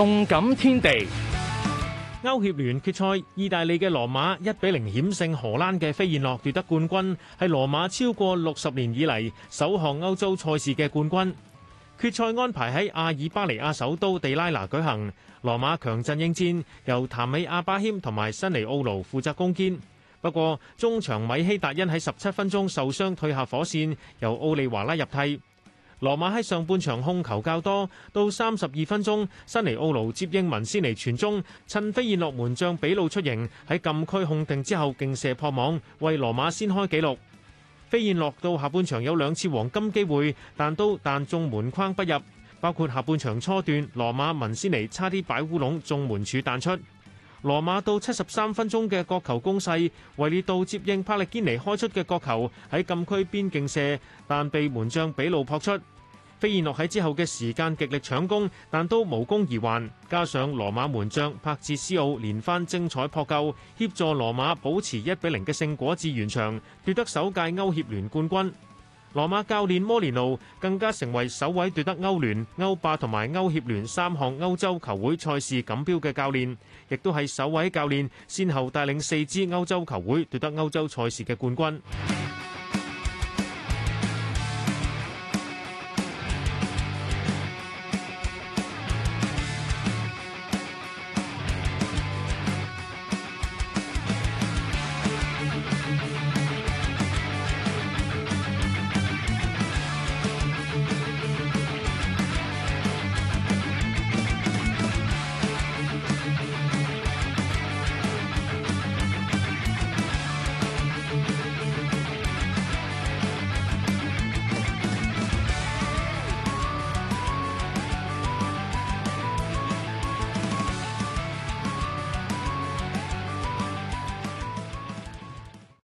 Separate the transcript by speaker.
Speaker 1: 動感天地，歐協聯決賽，意大利嘅羅馬一比零險勝荷蘭嘅飛燕諾奪得冠軍，係羅馬超過六十年以嚟首項歐洲賽事嘅冠軍。決賽安排喺阿爾巴尼亞首都地拉拿舉行，羅馬強陣應戰，由譚美阿巴謙同埋新尼奧奴負責攻堅。不過中場米希達因喺十七分鐘受傷退下火線，由奧利華拉入替。羅馬喺上半場控球較多，到三十二分鐘，新尼奧奴接應文斯尼傳中，趁飛燕諾門將比魯出營喺禁區控定之後，勁射破網，為羅馬先開紀錄。飛燕諾到下半場有兩次黃金機會，但都但中門框不入，包括下半場初段，羅馬文斯尼差啲擺烏龍，中門柱彈出。羅馬到七十三分鐘嘅角球攻勢，維列度接應帕力堅尼開出嘅角球喺禁區邊境射，但被門將比魯撲出。飛燕諾喺之後嘅時間極力搶攻，但都無功而還。加上羅馬門將帕切斯奧連番精彩撲救，協助羅馬保持一比零嘅勝果至完場，奪得首屆歐協聯冠軍。羅馬教練摩連奴更加成為首位奪得歐聯、歐霸同埋歐協聯三項歐洲球會賽事錦標嘅教練，亦都係首位教練先後帶領四支歐洲球會奪得歐洲賽事嘅冠軍。